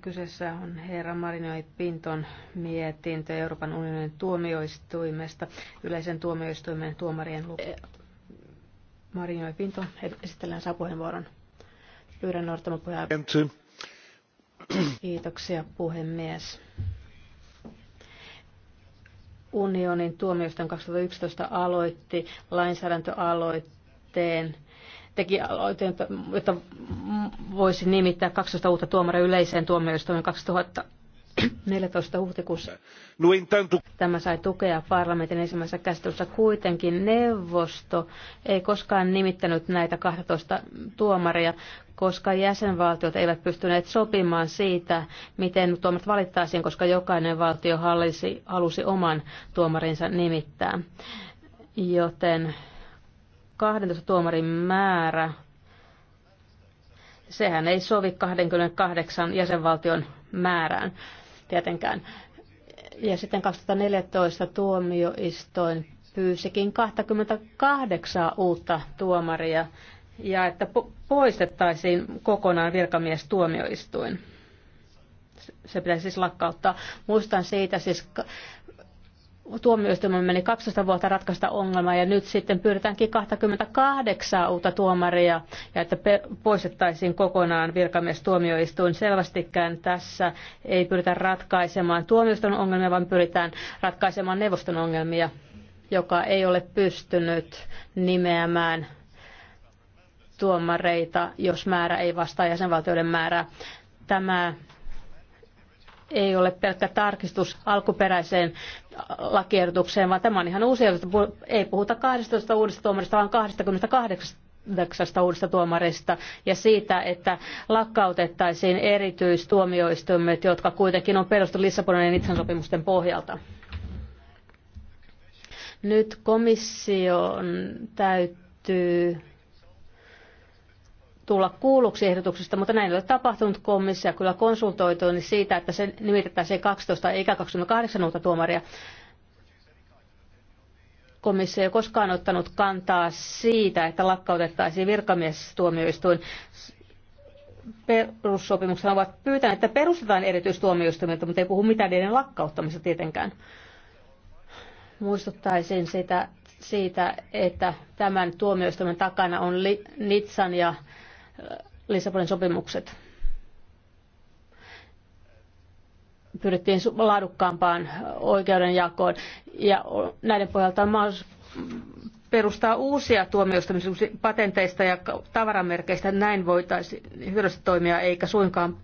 Kyseessä on herra Marinoi Pinton mietintö Euroopan unionin tuomioistuimesta, yleisen tuomioistuimen tuomarien luku. Marinoi Pinto, esitellään saa puheenvuoron. Pyydän noudattamaan Kiitoksia puhemies. Unionin tuomioistuin 2011 aloitti lainsäädäntöaloitteen teki aloitteen, että voisi nimittää 12 uutta tuomaria yleiseen tuomioistuimen 2000 14. huhtikuussa. No, Tämä sai tukea parlamentin ensimmäisessä käsittelyssä. Kuitenkin neuvosto ei koskaan nimittänyt näitä 12 tuomaria, koska jäsenvaltiot eivät pystyneet sopimaan siitä, miten tuomat valittaisiin, koska jokainen valtio hallisi, halusi oman tuomarinsa nimittää. Joten 12 tuomarin määrä, sehän ei sovi 28 jäsenvaltion määrään tietenkään. Ja sitten 2014 tuomioistoin pyysikin 28 uutta tuomaria ja että poistettaisiin kokonaan virkamies tuomioistuin. Se pitäisi siis lakkauttaa. Muistan siitä siis tuomioistuimen meni 12 vuotta ratkaista ongelmaa ja nyt sitten pyydetäänkin 28 uutta tuomaria ja että poistettaisiin kokonaan virkamiestuomioistuin. Selvästikään tässä ei pyritä ratkaisemaan tuomioistuin ongelmia, vaan pyritään ratkaisemaan neuvoston ongelmia, joka ei ole pystynyt nimeämään tuomareita, jos määrä ei vastaa jäsenvaltioiden määrää. Tämä ei ole pelkkä tarkistus alkuperäiseen lakiehdotukseen, vaan tämä on ihan uusi ehdotus. Ei puhuta 12 uudesta tuomarista, vaan 28 uudesta tuomarista ja siitä, että lakkautettaisiin erityistuomioistuimet, jotka kuitenkin on perustu Lissabonin ja Nitsan sopimusten pohjalta. Nyt komission täytyy tulla kuulluksi ehdotuksesta, mutta näin ei ole tapahtunut. Komissio kyllä konsultoitui niin siitä, että se nimitetään se 12 eikä 28 uutta tuomaria. Komissio ei koskaan ottanut kantaa siitä, että lakkautettaisiin virkamiestuomioistuin. Perussopimuksena ovat pyytäneet, että perustetaan erityistuomioistuimelta, mutta ei puhu mitään niiden lakkauttamista tietenkään. Muistuttaisin sitä, siitä, että tämän tuomioistuimen takana on Nitsan ja Lissabonin sopimukset. Pyrittiin laadukkaampaan oikeudenjakoon ja näiden pohjalta on mahdollisuus perustaa uusia tuomioista, patenteista ja tavaramerkeistä. Näin voitaisiin hyödyllistä toimia, eikä suinkaan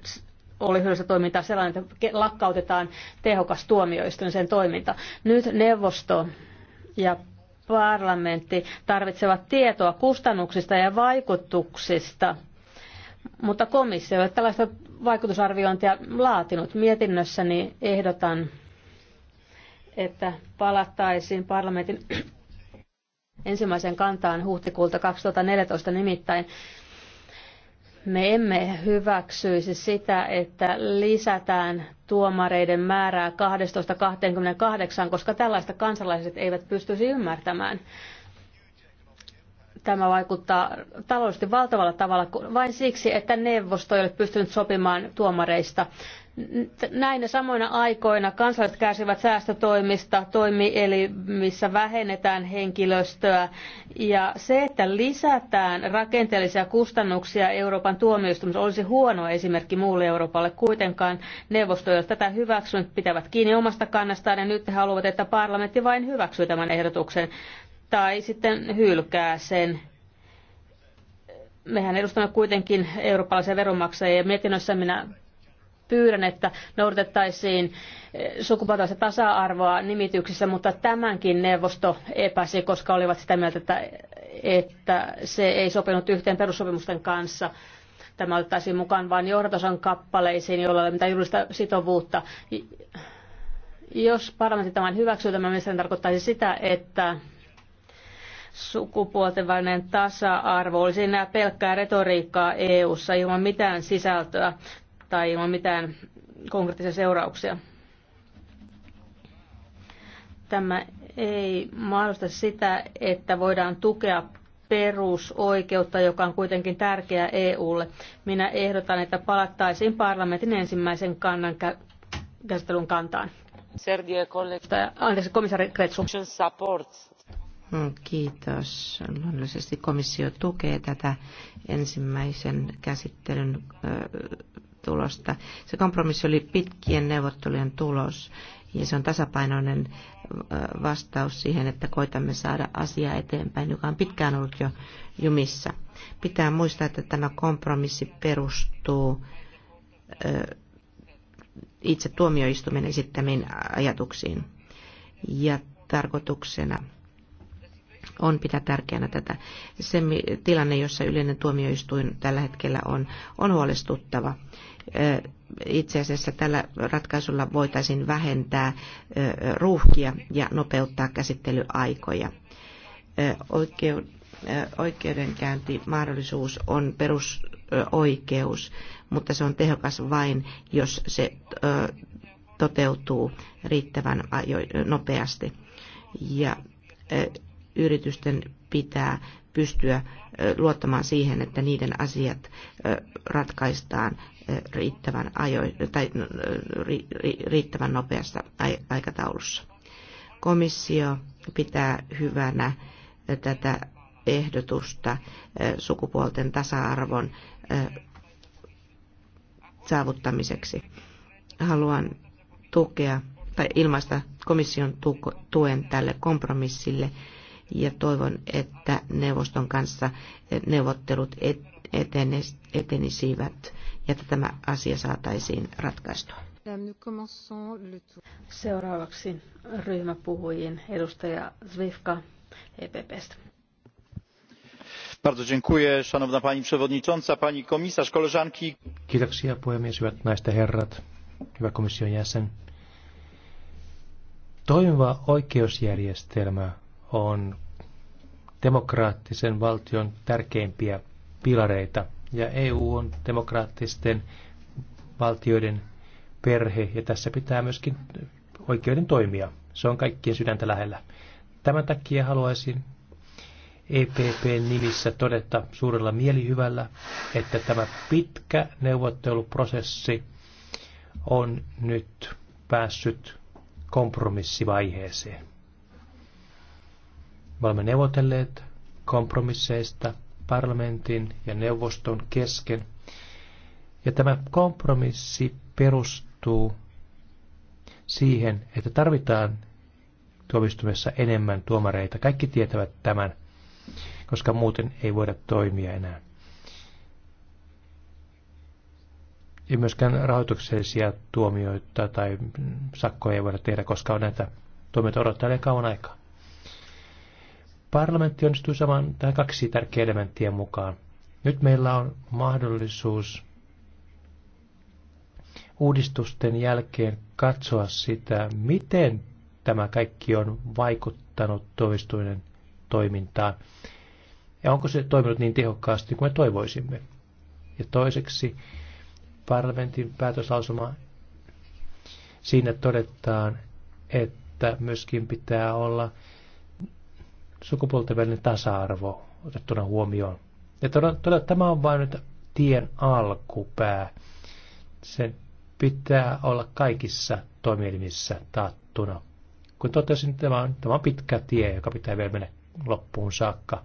oli hyödyllistä toimintaa sellainen, että lakkautetaan tehokas tuomioistuin sen toiminta. Nyt neuvosto ja parlamentti tarvitsevat tietoa kustannuksista ja vaikutuksista, mutta komissio ei ole tällaista vaikutusarviointia laatinut. Mietinnössäni ehdotan, että palattaisiin parlamentin ensimmäisen kantaan huhtikuulta 2014 nimittäin me emme hyväksyisi sitä, että lisätään tuomareiden määrää 12-28, koska tällaista kansalaiset eivät pystyisi ymmärtämään. Tämä vaikuttaa taloudellisesti valtavalla tavalla vain siksi, että neuvosto ei ole pystynyt sopimaan tuomareista. Näinä samoina aikoina kansalaiset kärsivät säästötoimista, toimielimissä vähennetään henkilöstöä ja se, että lisätään rakenteellisia kustannuksia Euroopan tuomioistuimessa olisi huono esimerkki muulle Euroopalle. Kuitenkaan neuvosto, jos tätä hyväksynyt, pitävät kiinni omasta kannastaan ja nyt he haluavat, että parlamentti vain hyväksyy tämän ehdotuksen tai sitten hylkää sen. Mehän edustamme kuitenkin eurooppalaisia veronmaksajia ja mietinnössä minä pyydän, että noudatettaisiin eh, sukupuolta tasa-arvoa nimityksissä, mutta tämänkin neuvosto epäsi, koska olivat sitä mieltä, että, että se ei sopinut yhteen perussopimusten kanssa. Tämä otettaisiin mukaan vain johdatosan kappaleisiin, joilla ei ole mitään juridista sitovuutta. Jos parlamentti tämän hyväksyy, tämä mielestäni tarkoittaisi sitä, että sukupuolten välinen tasa-arvo olisi enää pelkkää retoriikkaa EU-ssa ilman mitään sisältöä tai ilman mitään konkreettisia seurauksia. Tämä ei mahdollista sitä, että voidaan tukea perusoikeutta, joka on kuitenkin tärkeä EUlle. Minä ehdotan, että palattaisiin parlamentin ensimmäisen kannan käsittelyn kantaan. Sergio, Anteeksi, komissaari Kretsu. Mm, kiitos. Luonnollisesti komissio tukee tätä ensimmäisen käsittelyn tulosta. Se kompromissi oli pitkien neuvottelujen tulos ja se on tasapainoinen vastaus siihen, että koitamme saada asia eteenpäin, joka on pitkään ollut jo jumissa. Pitää muistaa, että tämä kompromissi perustuu itse tuomioistuimen esittämiin ajatuksiin ja tarkoituksena – on pitää tärkeänä tätä. Se tilanne, jossa yleinen tuomioistuin tällä hetkellä on, on huolestuttava. Itse asiassa tällä ratkaisulla voitaisiin vähentää ruuhkia ja nopeuttaa käsittelyaikoja. Oikeud- oikeudenkäyntimahdollisuus on perusoikeus, mutta se on tehokas vain, jos se toteutuu riittävän nopeasti. Ja yritysten pitää pystyä luottamaan siihen, että niiden asiat ratkaistaan riittävän, ajo, tai no, riittävän nopeassa aikataulussa. Komissio pitää hyvänä tätä ehdotusta sukupuolten tasa-arvon saavuttamiseksi. Haluan tukea tai ilmaista komission tuen tälle kompromissille ja toivon, että neuvoston kanssa neuvottelut etenisivät ja että tämä asia saataisiin ratkaistua. Seuraavaksi ryhmäpuhujien edustaja Zvifka EPPstä. Bardzo dziękuję, szanowna pani przewodnicząca, pani komisarz, koleżanki. Kiitoksia puhemies, hyvät naiset herrat, hyvä komission jäsen. Toimiva oikeusjärjestelmä on demokraattisen valtion tärkeimpiä pilareita. Ja EU on demokraattisten valtioiden perhe ja tässä pitää myöskin oikeuden toimia. Se on kaikkien sydäntä lähellä. Tämän takia haluaisin epp nimissä todeta suurella mielihyvällä, että tämä pitkä neuvotteluprosessi on nyt päässyt kompromissivaiheeseen. Me olemme neuvotelleet kompromisseista parlamentin ja neuvoston kesken. Ja tämä kompromissi perustuu siihen, että tarvitaan tuomistumessa enemmän tuomareita. Kaikki tietävät tämän, koska muuten ei voida toimia enää. Ei myöskään rahoituksellisia tuomioita tai sakkoja ei voida tehdä, koska on näitä tuomioita odottaa kauan aikaa parlamentti onnistui saman tähän kaksi tärkeää elementtiä mukaan. Nyt meillä on mahdollisuus uudistusten jälkeen katsoa sitä, miten tämä kaikki on vaikuttanut toistuinen toimintaan. Ja onko se toiminut niin tehokkaasti kuin me toivoisimme. Ja toiseksi parlamentin päätöslausuma siinä todetaan, että myöskin pitää olla sukupuolten välinen tasa-arvo otettuna huomioon. Ja todella, todella tämä on vain nyt tien alkupää. Sen pitää olla kaikissa toimielimissä taattuna. Kun totesin, tämä on, tämä on pitkä tie, joka pitää vielä mennä loppuun saakka.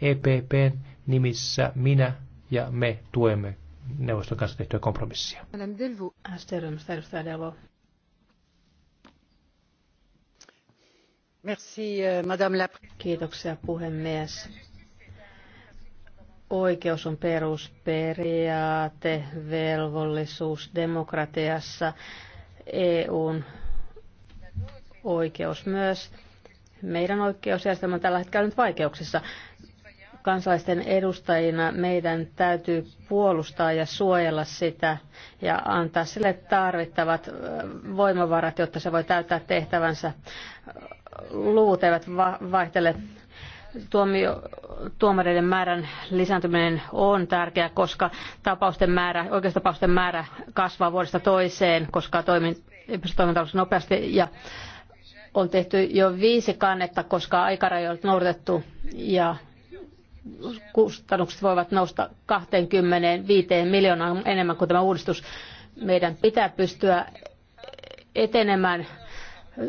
EPPn nimissä minä ja me tuemme neuvoston kanssa tehtyä kompromissia. Madame Delvo. Euh, Kiitoksia puhemies. Oikeus on perusperiaate, velvollisuus demokratiassa, EUn oikeus myös. Meidän oikeusjärjestelmä on tällä hetkellä nyt vaikeuksissa. Kansalaisten edustajina meidän täytyy puolustaa ja suojella sitä ja antaa sille tarvittavat voimavarat, jotta se voi täyttää tehtävänsä luvut eivät vaihtele. Tuomio, tuomareiden määrän lisääntyminen on tärkeää, koska tapausten määrä, oikeustapausten määrä kasvaa vuodesta toiseen, koska toiminta on nopeasti ja on tehty jo viisi kannetta, koska aikarajoja on noudatettu ja kustannukset voivat nousta 25 miljoonaan enemmän kuin tämä uudistus. Meidän pitää pystyä etenemään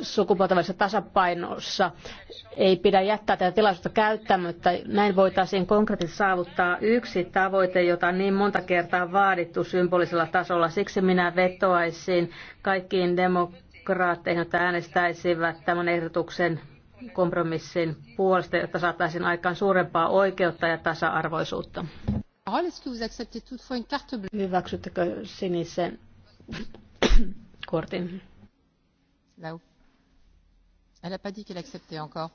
sukupuolten välisessä tasapainossa. Ei pidä jättää tätä tilaisuutta käyttämättä. Näin voitaisiin konkreettisesti saavuttaa yksi tavoite, jota on niin monta kertaa vaadittu symbolisella tasolla. Siksi minä vetoaisin kaikkiin demokraatteihin, jotka äänestäisivät tämän ehdotuksen kompromissin puolesta, jotta saataisiin aikaan suurempaa oikeutta ja tasa-arvoisuutta. Hyväksyttekö sinisen kortin? No. Elle n'a pas dit qu'elle acceptait encore.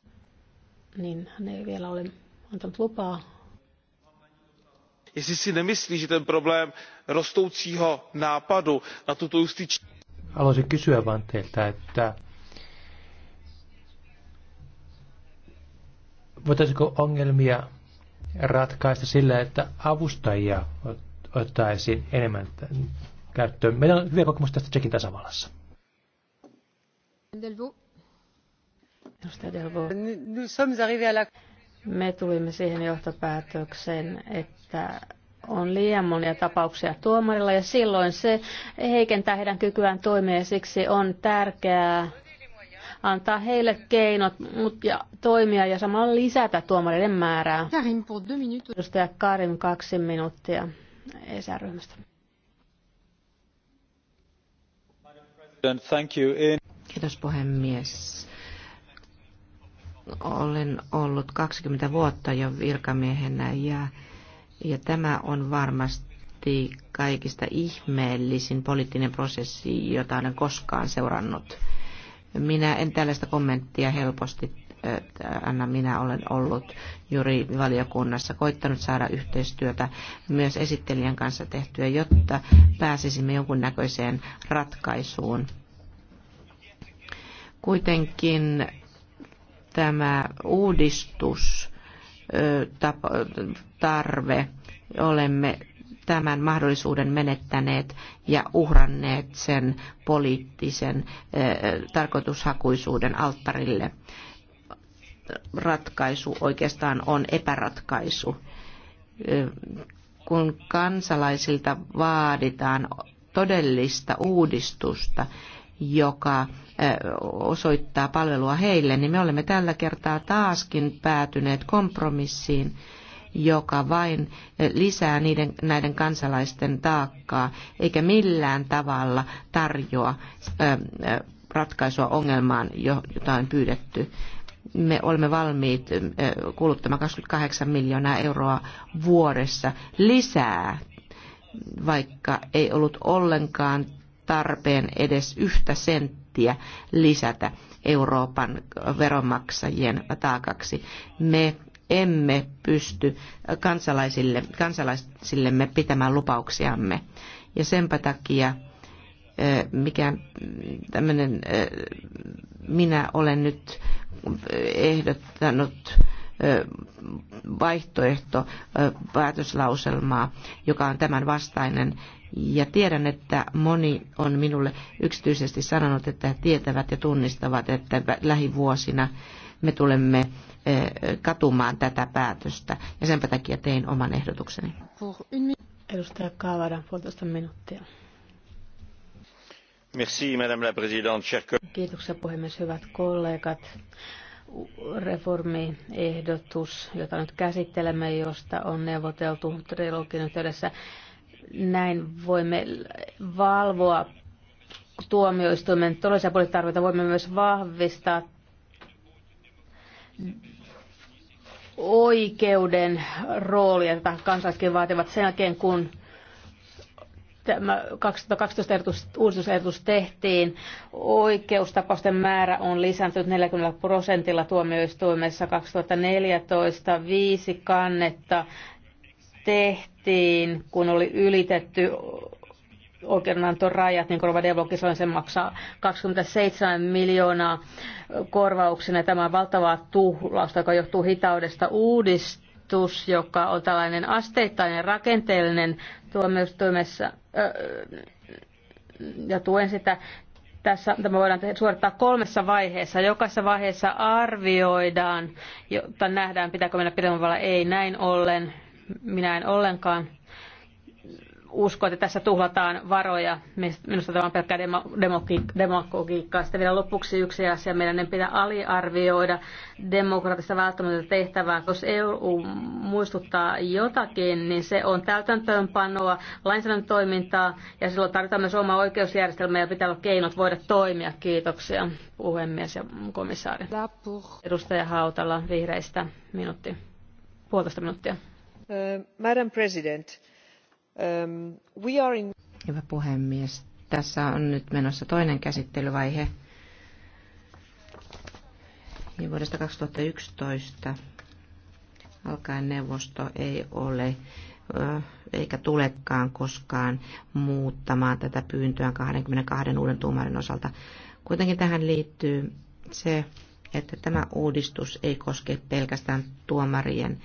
Niin, hän ei vielä ole antanut lupaa. Jestli si nemyslí, že ten problém rostoucího nápadu na tuto justiční... Haluaisin kysyä vain teiltä, että voitaisiko ongelmia ratkaista sillä, että avustajia ottaisiin enemmän käyttöön. Meillä on hyviä kokemuksia tästä Tsekin tasavallassa. Delvaux. Me tulimme siihen johtopäätökseen, että on liian monia tapauksia tuomarilla ja silloin se heikentää heidän kykyään toimia ja siksi on tärkeää antaa heille keinot ja toimia ja samalla lisätä tuomareiden määrää. Karim, pour deux minutes. Edustaja Karim, kaksi minuuttia ESR-ryhmästä. Kiitos puhemies. Olen ollut 20 vuotta jo virkamiehenä ja, ja tämä on varmasti kaikista ihmeellisin poliittinen prosessi, jota olen koskaan seurannut. Minä en tällaista kommenttia helposti Anna, minä olen ollut juuri valiokunnassa koittanut saada yhteistyötä myös esittelijän kanssa tehtyä, jotta pääsisimme jonkunnäköiseen ratkaisuun. Kuitenkin tämä uudistustarve, olemme tämän mahdollisuuden menettäneet ja uhranneet sen poliittisen tarkoitushakuisuuden alttarille. Ratkaisu oikeastaan on epäratkaisu. Kun kansalaisilta vaaditaan todellista uudistusta, joka osoittaa palvelua heille, niin me olemme tällä kertaa taaskin päätyneet kompromissiin, joka vain lisää niiden, näiden kansalaisten taakkaa, eikä millään tavalla tarjoa ratkaisua ongelmaan, jota on pyydetty. Me olemme valmiit kuluttamaan 28 miljoonaa euroa vuodessa lisää, vaikka ei ollut ollenkaan tarpeen edes yhtä senttiä lisätä Euroopan veronmaksajien taakaksi. Me emme pysty kansalaisille, kansalaisillemme pitämään lupauksiamme. Ja senpä takia mikä tämmöinen, minä olen nyt ehdottanut vaihtoehto päätöslauselmaa, joka on tämän vastainen ja tiedän, että moni on minulle yksityisesti sanonut, että he tietävät ja tunnistavat, että lähivuosina me tulemme eh, katumaan tätä päätöstä. Ja senpä takia tein oman ehdotukseni. Edustaja Kaavaran puolitoista minuuttia. Merci, Madame la Présidente. Kiitoksia puhemies, hyvät kollegat reformiehdotus, jota nyt käsittelemme, josta on neuvoteltu trilogin yhteydessä, näin voimme valvoa tuomioistuimen toisia poliisitarpeita. Voimme myös vahvistaa oikeuden roolia, jota kansalaisetkin vaativat sen jälkeen, kun tämä 2012 uudistusehdotus tehtiin. Oikeustapausten määrä on lisääntynyt 40 prosentilla tuomioistuimessa 2014. Viisi kannetta tehtiin, kun oli ylitetty rajat, niin Korva Devlokissa sen maksaa 27 miljoonaa korvauksena. Tämä on valtavaa tuhlausta, joka johtuu hitaudesta uudistus, joka on tällainen asteittainen rakenteellinen tuomioistuimessa ja tuen sitä. Tässä, tämä voidaan suorittaa kolmessa vaiheessa. Jokaisessa vaiheessa arvioidaan, jotta nähdään, pitääkö mennä pidemmällä ei. Näin ollen minä en ollenkaan usko, että tässä tuhlataan varoja. Minusta tämä on pelkkää demagogiikkaa. Sitten vielä lopuksi yksi asia. Meidän ei pidä aliarvioida demokraattista välttämätöntä tehtävää. Jos EU muistuttaa jotakin, niin se on täytäntöönpanoa, lainsäädäntötoimintaa ja silloin tarvitaan myös oma oikeusjärjestelmä ja pitää olla keinot voida toimia. Kiitoksia puhemies ja komissaari. Edustaja Hautala vihreistä minuutti, puolitoista minuuttia. Uh, Madam President, um, we are in... Hyvä puhemies. Tässä on nyt menossa toinen käsittelyvaihe. Ja vuodesta 2011 alkaen neuvosto ei ole uh, eikä tulekaan koskaan muuttamaan tätä pyyntöä 22 uuden tuomarin osalta. Kuitenkin tähän liittyy se, että tämä uudistus ei koske pelkästään tuomarien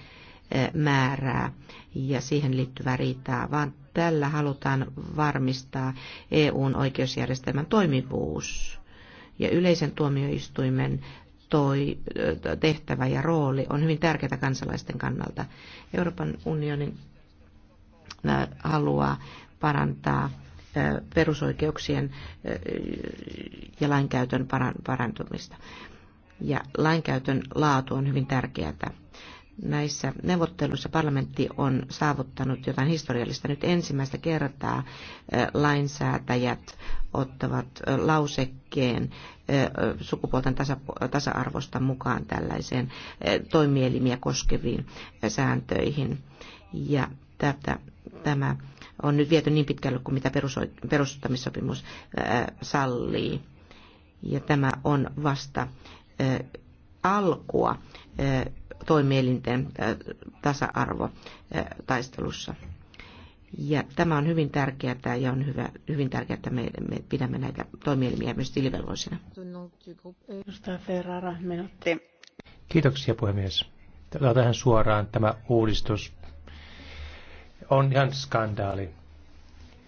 määrää ja siihen liittyvää riitaa, vaan tällä halutaan varmistaa EUn oikeusjärjestelmän toimivuus. Ja yleisen tuomioistuimen toi tehtävä ja rooli on hyvin tärkeää kansalaisten kannalta. Euroopan unionin haluaa parantaa perusoikeuksien ja lainkäytön parantumista. Ja lainkäytön laatu on hyvin tärkeää näissä neuvotteluissa parlamentti on saavuttanut jotain historiallista. Nyt ensimmäistä kertaa lainsäätäjät ottavat lausekkeen sukupuolten tasa-arvosta mukaan tällaiseen toimielimiä koskeviin sääntöihin. Ja tätä, tämä on nyt viety niin pitkälle kuin mitä perustamissopimus sallii. Ja tämä on vasta alkua toimielinten tasa-arvo taistelussa. Ja tämä on hyvin tärkeää ja on hyvä, hyvin tärkeää, että me, me pidämme näitä toimielimiä myös tilivelvoisina. Kiitoksia puhemies. Tämä tähän suoraan tämä uudistus. On ihan skandaali.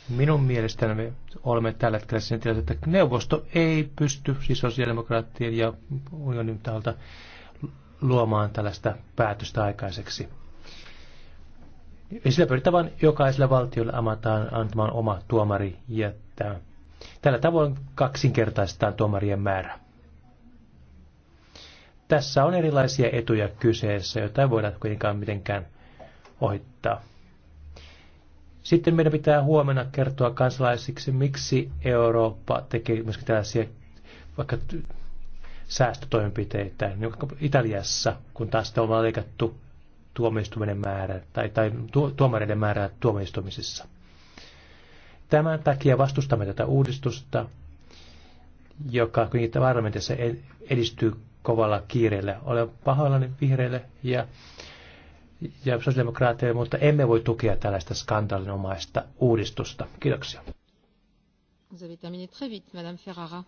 Minun mielestäni me olemme tällä hetkellä sen tilanteessa, että neuvosto ei pysty, siis sosiaalidemokraattien ja unionin taholta, luomaan tällaista päätöstä aikaiseksi. Sillä pyritään vain jokaiselle valtiolle amataan antamaan oma tuomari jättää. Tällä tavoin kaksinkertaistetaan tuomarien määrä. Tässä on erilaisia etuja kyseessä, joita ei voida kuitenkaan mitenkään ohittaa. Sitten meidän pitää huomenna kertoa kansalaisiksi, miksi Eurooppa tekee myöskin tällaisia vaikka säästötoimenpiteitä, niin Italiassa, kun taas on ollaan leikattu tuomioistuminen määrä tai, tai tu, tuomareiden määrää tuomioistumisissa. Tämän takia vastustamme tätä uudistusta, joka kuitenkin varmentissa e- edistyy kovalla kiireellä. Olen pahoillani vihreille ja, ja sosiaalidemokraateille, mutta emme voi tukea tällaista skandaalinomaista uudistusta. Kiitoksia. Vous avez terminé très vite, Madame Ferrara.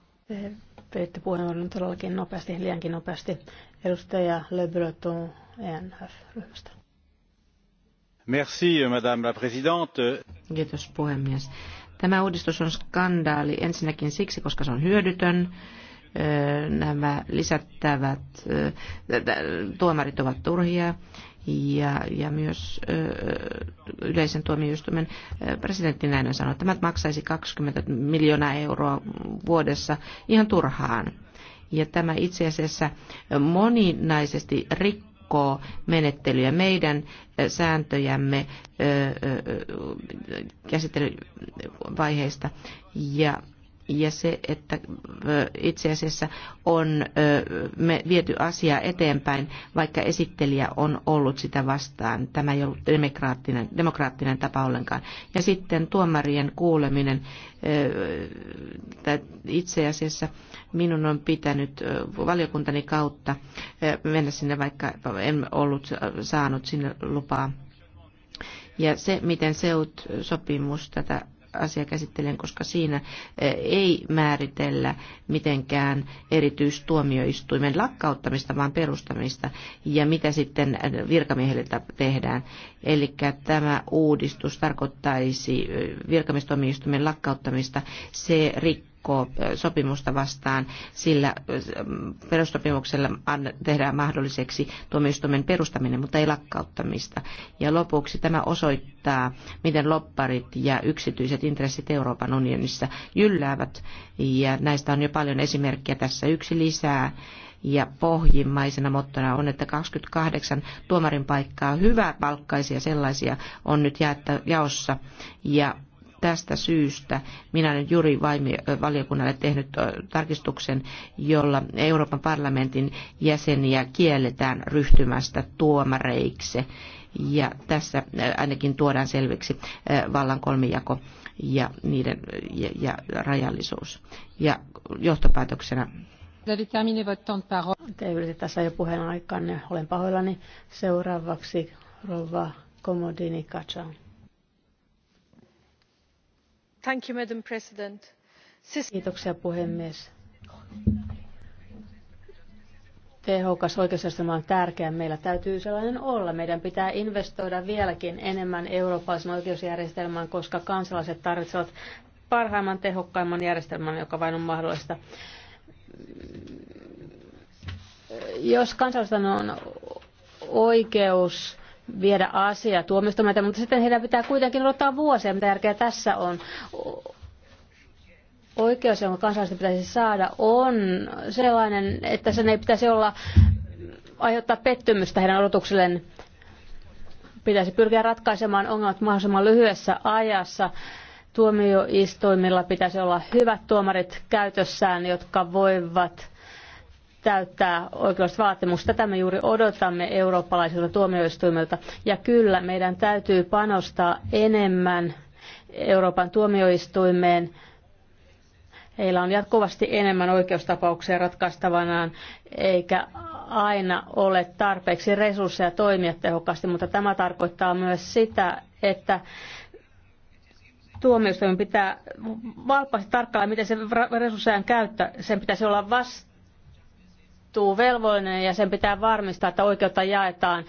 Peitti puheenvuoron todellakin nopeasti, liiankin nopeasti. Edustaja Le Breton ENF-ryhmästä. Merci, Madame la Présidente. Kiitos puhemies. Tämä uudistus on skandaali ensinnäkin siksi, koska se on hyödytön nämä lisättävät tuomarit ovat turhia ja, ja myös yleisen tuomioistuimen presidentti näin sanoi, että tämä maksaisi 20 miljoonaa euroa vuodessa ihan turhaan. Ja tämä itse asiassa moninaisesti rikkoo rikkoo menettelyjä, meidän sääntöjämme käsittelyvaiheista. Ja ja se, että itse asiassa on me viety asiaa eteenpäin, vaikka esittelijä on ollut sitä vastaan. Tämä ei ollut demokraattinen, demokraattinen tapa ollenkaan. Ja sitten tuomarien kuuleminen. Itse asiassa minun on pitänyt valiokuntani kautta mennä sinne, vaikka en ollut saanut sinne lupaa ja se, miten seut-sopimus tätä asia käsittelen, koska siinä eh, ei määritellä mitenkään erityistuomioistuimen lakkauttamista, vaan perustamista ja mitä sitten virkamiehille tehdään. Eli tämä uudistus tarkoittaisi eh, virkamiestuomioistuimen lakkauttamista. Se rikkoo sopimusta vastaan, sillä perustopimuksella tehdään mahdolliseksi tuomioistuimen perustaminen, mutta ei lakkauttamista. Ja lopuksi tämä osoittaa, miten lopparit ja yksityiset intressit Euroopan unionissa jylläävät, ja näistä on jo paljon esimerkkejä tässä yksi lisää. Ja pohjimmaisena mottona on, että 28 tuomarin paikkaa, hyvää palkkaisia sellaisia, on nyt jaossa. Ja tästä syystä minä olen juuri valiokunnalle tehnyt tarkistuksen, jolla Euroopan parlamentin jäseniä kielletään ryhtymästä tuomareiksi. Ja tässä ainakin tuodaan selviksi vallan kolmijako ja, niiden, ja, ja rajallisuus. Ja johtopäätöksenä te yritit tässä jo puheen aikaan, niin olen pahoillani. Seuraavaksi rouva Komodini Kacan arvoisa Kiitoksia puhemies. Tehokas oikeusjärjestelmä on tärkeä. Meillä täytyy sellainen olla. Meidän pitää investoida vieläkin enemmän eurooppalaisen oikeusjärjestelmään, koska kansalaiset tarvitsevat parhaimman, tehokkaimman järjestelmän, joka vain on mahdollista. Jos kansalaisilla on oikeus viedä asia tuomioistuimelta, mutta sitten heidän pitää kuitenkin odottaa vuosia, mitä järkeä tässä on. Oikeus, jonka kansalaisten pitäisi saada, on sellainen, että sen ei pitäisi olla aiheuttaa pettymystä heidän odotukselleen. Pitäisi pyrkiä ratkaisemaan ongelmat mahdollisimman lyhyessä ajassa. Tuomioistuimilla pitäisi olla hyvät tuomarit käytössään, jotka voivat täyttää oikeusvaatimus. Tätä me juuri odotamme eurooppalaisilta tuomioistuimilta. Ja kyllä, meidän täytyy panostaa enemmän Euroopan tuomioistuimeen. Heillä on jatkuvasti enemmän oikeustapauksia ratkaistavanaan, eikä aina ole tarpeeksi resursseja toimia tehokkaasti, mutta tämä tarkoittaa myös sitä, että tuomioistuimen pitää valpaasti tarkkailla, miten se resurssejaan käyttää. Sen pitäisi olla vasta vastuuvelvollinen ja sen pitää varmistaa, että oikeutta jaetaan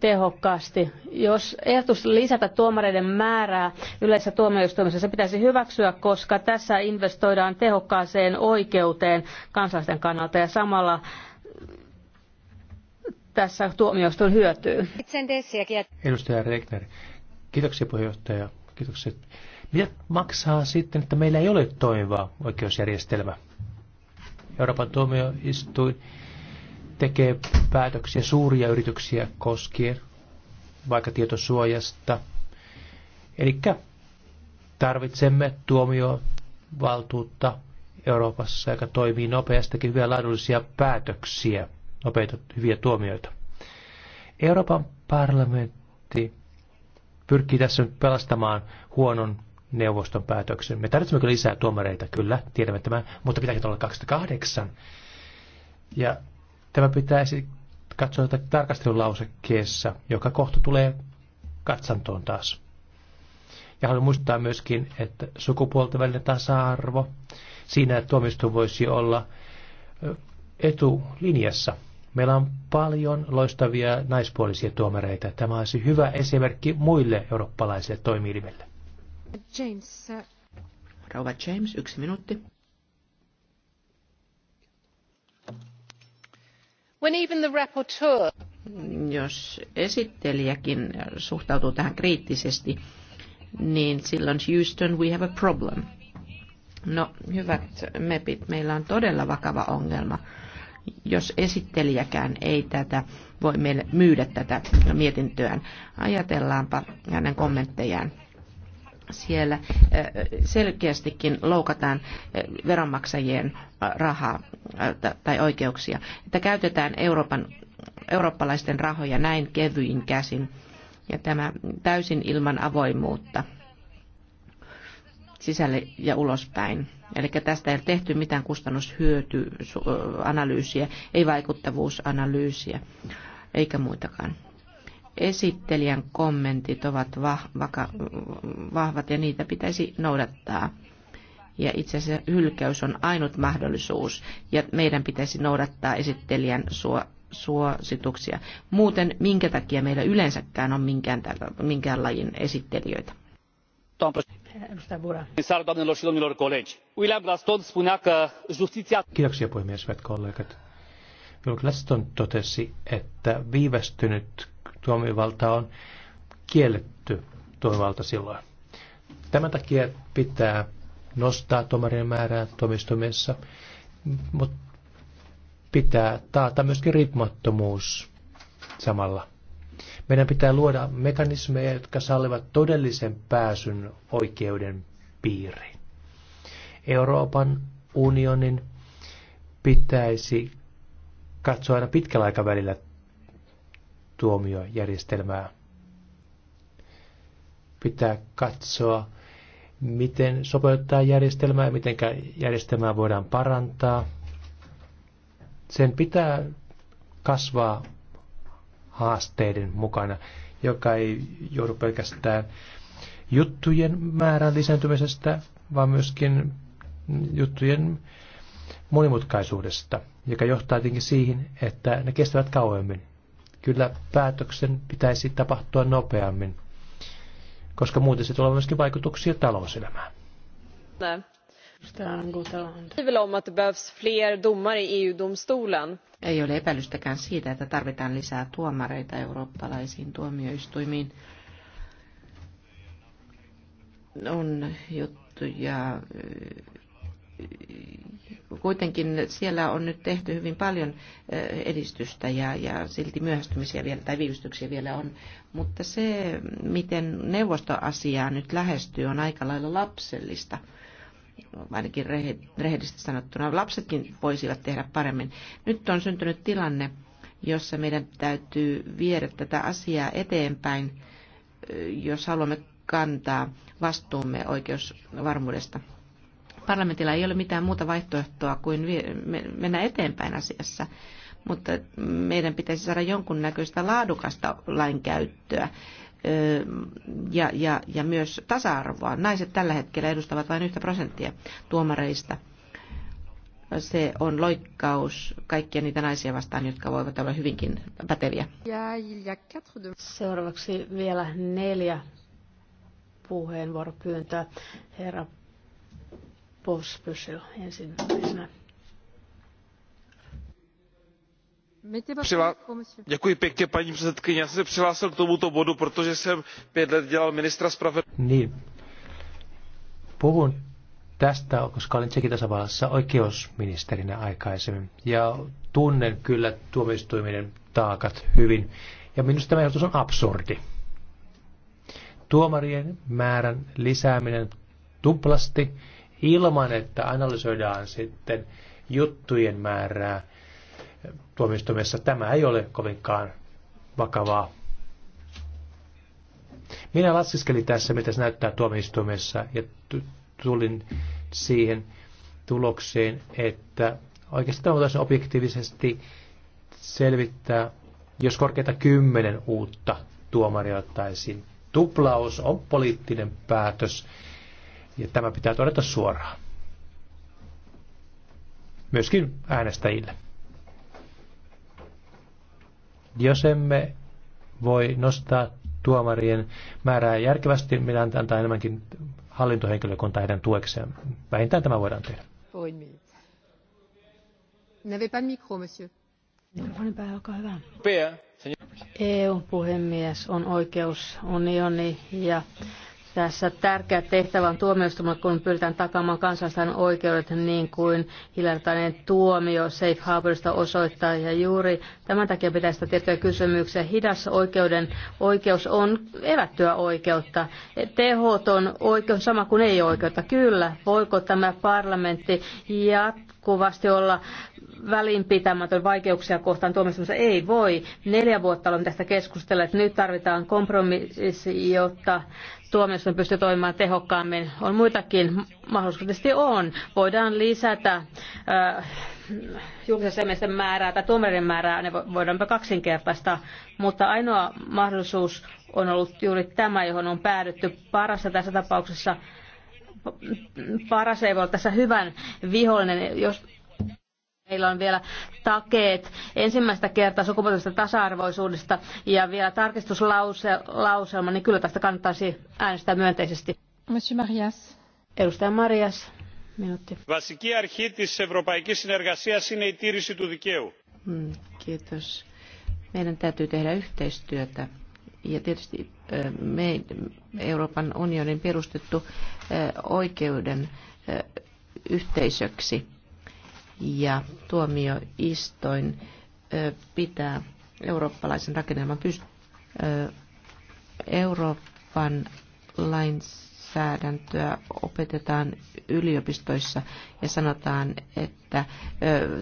tehokkaasti. Jos ehdotus lisätä tuomareiden määrää yleisessä tuomioistuimessa, se pitäisi hyväksyä, koska tässä investoidaan tehokkaaseen oikeuteen kansalaisten kannalta ja samalla tässä tuomioistuin hyötyy. Edustaja Regner, kiitoksia puheenjohtaja. Kiitokset. Mitä maksaa sitten, että meillä ei ole toimiva oikeusjärjestelmä? Euroopan tuomioistuin tekee päätöksiä suuria yrityksiä koskien, vaikka tietosuojasta. Eli tarvitsemme tuomiovaltuutta Euroopassa, joka toimii nopeastikin hyviä laadullisia päätöksiä, nopeita hyviä tuomioita. Euroopan parlamentti pyrkii tässä nyt pelastamaan huonon neuvoston päätöksen. Me tarvitsemme kyllä lisää tuomareita, kyllä, tiedämme tämän, mutta pitääkin olla 28. Ja tämä pitäisi katsoa tätä tarkastelulausekkeessa, joka kohta tulee katsantoon taas. Ja haluan muistaa myöskin, että sukupuolten välinen tasa-arvo, siinä että tuomistuin voisi olla etulinjassa. Meillä on paljon loistavia naispuolisia tuomareita. Tämä olisi hyvä esimerkki muille eurooppalaisille toimielimille. James. Rouva James, yksi minuutti. When even the rapporteur... Jos esittelijäkin suhtautuu tähän kriittisesti, niin silloin Houston, we have a problem. No, hyvät mepit, meillä on todella vakava ongelma jos esittelijäkään ei tätä voi meille myydä tätä mietintöään. Ajatellaanpa hänen kommenttejaan siellä äh, selkeästikin loukataan äh, veronmaksajien äh, rahaa tai oikeuksia. Että käytetään Euroopan, eurooppalaisten rahoja näin kevyin käsin ja tämä täysin ilman avoimuutta sisälle ja ulospäin. Eli tästä ei ole tehty mitään kustannushyötyanalyysiä, ei vaikuttavuusanalyysiä eikä muitakaan esittelijän kommentit ovat vahvat ja niitä pitäisi noudattaa. Ja itse asiassa hylkäys on ainut mahdollisuus ja meidän pitäisi noudattaa esittelijän suo, suosituksia. Muuten minkä takia meillä yleensäkään on minkään, minkään lajin esittelijöitä? Kiitoksia puhemies, hyvät kollegat. Julk Laston totesi, että viivästynyt tuomivalta on kielletty toimivalta silloin. Tämän takia pitää nostaa tuomarien määrää tuomistumissa, mutta pitää taata myöskin riippumattomuus samalla. Meidän pitää luoda mekanismeja, jotka sallivat todellisen pääsyn oikeuden piiriin. Euroopan unionin pitäisi katsoa aina pitkällä aikavälillä tuomiojärjestelmää. Pitää katsoa, miten sopeuttaa järjestelmää ja miten järjestelmää voidaan parantaa. Sen pitää kasvaa haasteiden mukana, joka ei joudu pelkästään juttujen määrän lisääntymisestä, vaan myöskin juttujen monimutkaisuudesta, joka johtaa tietenkin siihen, että ne kestävät kauemmin kyllä päätöksen pitäisi tapahtua nopeammin, koska muuten se tulee myöskin vaikutuksia talouselämään. Ei ole epäilystäkään siitä, että tarvitaan lisää tuomareita eurooppalaisiin tuomioistuimiin. On juttuja, kuitenkin siellä on nyt tehty hyvin paljon edistystä ja, ja silti myöhästymisiä vielä tai viivystyksiä vielä on. Mutta se, miten neuvostoasiaa nyt lähestyy, on aika lailla lapsellista ainakin rehellisesti sanottuna. Lapsetkin voisivat tehdä paremmin. Nyt on syntynyt tilanne, jossa meidän täytyy viedä tätä asiaa eteenpäin, jos haluamme kantaa vastuumme oikeusvarmuudesta Parlamentilla ei ole mitään muuta vaihtoehtoa kuin mennä eteenpäin asiassa, mutta meidän pitäisi saada jonkunnäköistä laadukasta lainkäyttöä ja, ja, ja myös tasa-arvoa. Naiset tällä hetkellä edustavat vain yhtä prosenttia tuomareista. Se on loikkaus kaikkia niitä naisia vastaan, jotka voivat olla hyvinkin päteviä. Seuraavaksi vielä neljä puheenvuoropyyntöä. Herra Pospysyl ensimmäisenä. paní předsedající já jsem se přihlásil k tomuto bodu protože jsem pět let dělal ministra spravedlnosti. Niin. puhun tästä koska olin tsekin tasavallassa oikeusministerinä aikaisemmin ja tunnen kyllä tuomioistuimien taakat hyvin ja minusta tämä ehdotus on absurdi. Tuomarien määrän lisääminen tuplasti ilman, että analysoidaan sitten juttujen määrää tuomistumessa. Tämä ei ole kovinkaan vakavaa. Minä laskeskelin tässä, mitä se näyttää tuomioistuimessa, ja tulin siihen tulokseen, että oikeastaan voitaisiin objektiivisesti selvittää, jos korkeita kymmenen uutta tuomaria ottaisiin. Tuplaus on poliittinen päätös, ja tämä pitää todeta suoraan. Myöskin äänestäjille. Jos emme voi nostaa tuomarien määrää järkevästi, minä niin antaa enemmänkin hallintohenkilökunta heidän tuekseen. Vähintään tämä voidaan tehdä. Niin. EU-puhemies e on oikeus unioni ja tässä tärkeä tehtävä on tuomioistuimella, kun pyritään takaamaan kansalaisten oikeudet niin kuin hiljattainen tuomio Safe Harborista osoittaa. Ja juuri tämän takia pitäisi sitä tiettyjä kysymyksiä. Hidas oikeuden oikeus on evättyä oikeutta. Tehoton oikeus sama kuin ei oikeutta. Kyllä, voiko tämä parlamentti jatkuvasti olla välinpitämätön vaikeuksia kohtaan tuomioistuimessa? Ei voi. Neljä vuotta olemme tästä keskustelleet. Nyt tarvitaan kompromissi, jotta tuomioistuin pystyy toimimaan tehokkaammin. On muitakin mahdollisuuksia, on. Voidaan lisätä äh, julkisen semestrin määrää tai tuomareiden määrää, ne voidaan kaksinkertaista, mutta ainoa mahdollisuus on ollut juuri tämä, johon on päädytty parassa tässä tapauksessa. Paras ei voi olla tässä hyvän vihollinen, jos Meillä on vielä takeet ensimmäistä kertaa sukupuolisesta tasa-arvoisuudesta ja vielä tarkistuslauselma, niin kyllä tästä kannattaisi äänestää myönteisesti. Monsieur Marias. Edustaja Marias, minuutti. Βασική αρχή της ευρωπαϊκής συνεργασίας είναι η τήρηση του δικαίου. Kiitos. Meidän täytyy tehdä yhteistyötä ja tietysti me, Euroopan unionin perustettu oikeuden yhteisöksi ja tuomioistoin pitää eurooppalaisen rakennelman pyst- Euroopan lainsäädäntöä opetetaan yliopistoissa ja sanotaan, että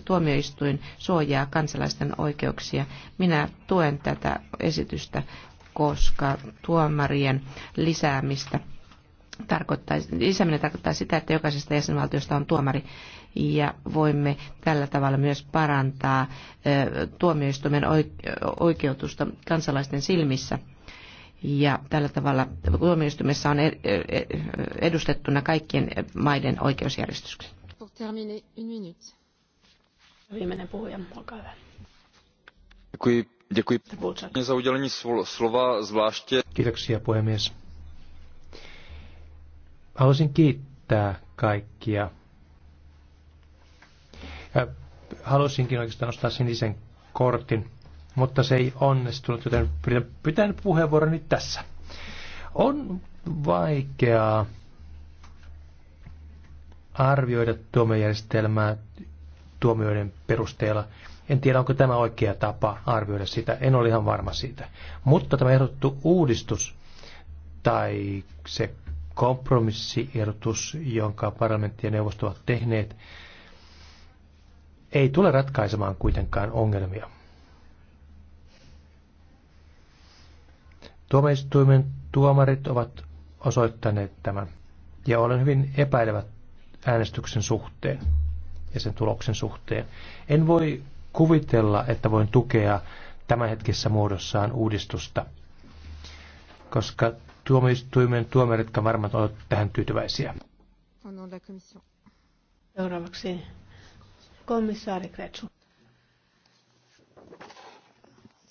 tuomioistuin suojaa kansalaisten oikeuksia. Minä tuen tätä esitystä, koska tuomarien lisäämistä tarkoittaa, lisääminen tarkoittaa sitä, että jokaisesta jäsenvaltiosta on tuomari ja voimme tällä tavalla myös parantaa tuomioistuimen oikeutusta kansalaisten silmissä. Ja tällä tavalla tuomioistuimessa on e, e, edustettuna kaikkien maiden oikeusjärjestykset. Viimeinen puhuja, olkaa hyvä. slova, zvláště. Kiitoksia puhemies. Haluaisin kiittää kaikkia. Ja halusinkin oikeastaan nostaa sinisen kortin, mutta se ei onnistunut, joten puheenvuoron nyt tässä. On vaikeaa arvioida tuomiojärjestelmää tuomioiden perusteella. En tiedä, onko tämä oikea tapa arvioida sitä, en ole ihan varma siitä. Mutta tämä ehdotettu uudistus tai se kompromissiirtus, jonka parlamentti ja neuvosto ovat tehneet, ei tule ratkaisemaan kuitenkaan ongelmia. Tuomioistuimen tuomarit ovat osoittaneet tämän, ja olen hyvin epäilevä äänestyksen suhteen ja sen tuloksen suhteen. En voi kuvitella, että voin tukea tämänhetkisessä muodossaan uudistusta, koska tuomioistuimen tuomarit, jotka varmaan ovat tähän tyytyväisiä. Seuraavaksi komissaari Kretsu.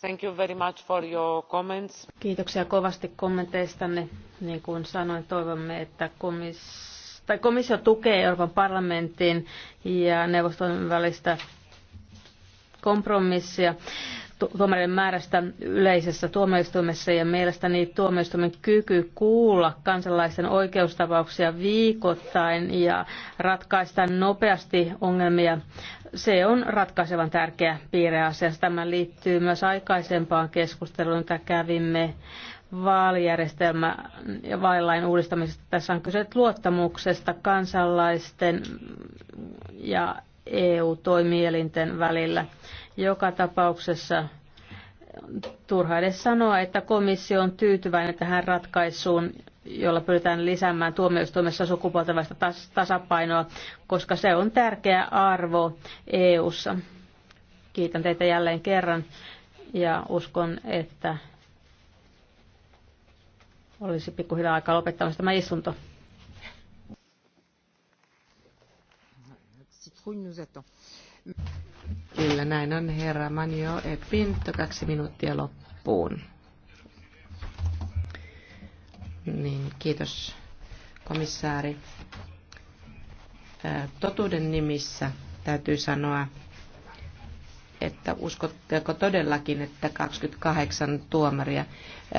Thank you very much for your comments. Kiitoksia kovasti kommenteistanne. Niin kuin sanoin, toivomme, että komissio tai komissio tukee Euroopan parlamentin ja neuvoston välistä kompromissia tuomareiden määrästä yleisessä tuomioistuimessa ja mielestäni tuomioistuimen kyky kuulla kansalaisten oikeustapauksia viikoittain ja ratkaista nopeasti ongelmia, se on ratkaisevan tärkeä piirre asiassa. Tämä liittyy myös aikaisempaan keskusteluun, jota kävimme vaalijärjestelmä ja vaalilain uudistamisesta. Tässä on kyse luottamuksesta kansalaisten ja EU-toimielinten välillä. Joka tapauksessa turha edes sanoa, että komissio on tyytyväinen tähän ratkaisuun, jolla pyritään lisäämään tuomioistuimessa sukupuolten tasapainoa, koska se on tärkeä arvo EU:ssa. Kiitän teitä jälleen kerran ja uskon, että olisi pikkuhiljaa aika lopettaa tämä istunto. nous attend. Kyllä, näin on herra Manio e Pinto, kaksi minuuttia loppuun. Niin, kiitos komissaari. Totuuden nimissä täytyy sanoa, että uskotteko todellakin, että 28 tuomaria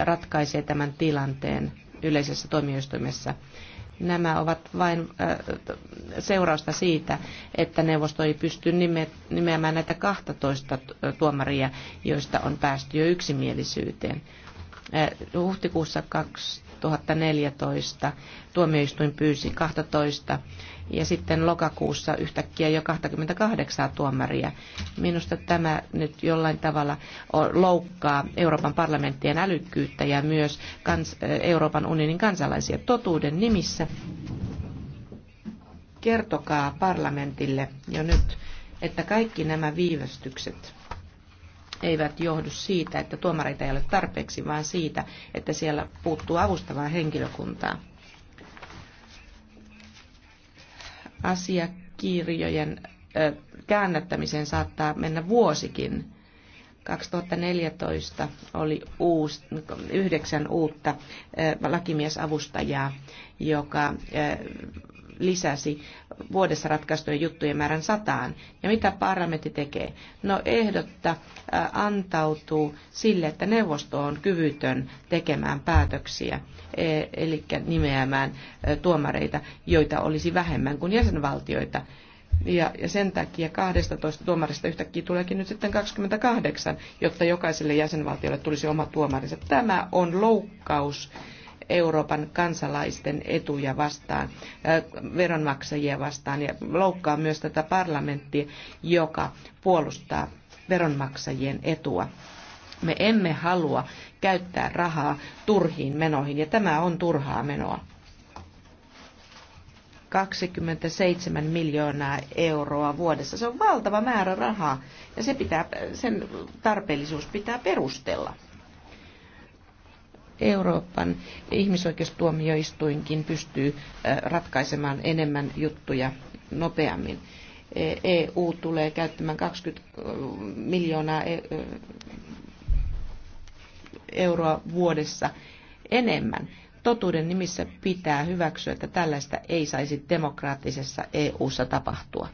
ratkaisee tämän tilanteen yleisessä toimijoistumessa? Nämä ovat vain äh, seurausta siitä, että neuvosto ei pysty nimeämään näitä 12 tuomaria, joista on päästy jo yksimielisyyteen. Äh, huhtikuussa 2000 2014 tuomioistuin pyysi 12 ja sitten lokakuussa yhtäkkiä jo 28 tuomaria. Minusta tämä nyt jollain tavalla loukkaa Euroopan parlamenttien älykkyyttä ja myös Euroopan unionin kansalaisia totuuden nimissä. Kertokaa parlamentille jo nyt, että kaikki nämä viivästykset eivät johdu siitä, että tuomareita ei ole tarpeeksi, vaan siitä, että siellä puuttuu avustavaa henkilökuntaa. Asiakirjojen käännättämiseen saattaa mennä vuosikin. 2014 oli uusi, yhdeksän uutta lakimiesavustajaa, joka lisäsi vuodessa ratkaistujen juttujen määrän sataan. Ja mitä parlamentti tekee? No ehdotta antautuu sille, että neuvosto on kyvytön tekemään päätöksiä, e, eli nimeämään tuomareita, joita olisi vähemmän kuin jäsenvaltioita. Ja, ja sen takia 12 tuomarista yhtäkkiä tuleekin nyt sitten 28, jotta jokaiselle jäsenvaltiolle tulisi oma tuomarinsa. Tämä on loukkaus Euroopan kansalaisten etuja vastaan, veronmaksajia vastaan ja loukkaa myös tätä parlamenttia, joka puolustaa veronmaksajien etua. Me emme halua käyttää rahaa turhiin menoihin ja tämä on turhaa menoa. 27 miljoonaa euroa vuodessa. Se on valtava määrä rahaa ja se pitää, sen tarpeellisuus pitää perustella. Euroopan ihmisoikeustuomioistuinkin pystyy ratkaisemaan enemmän juttuja nopeammin. EU e tulee käyttämään 20 miljoonaa e, euroa vuodessa enemmän. Totuuden nimissä pitää hyväksyä, että tällaista ei saisi demokraattisessa EU-ssa tapahtua.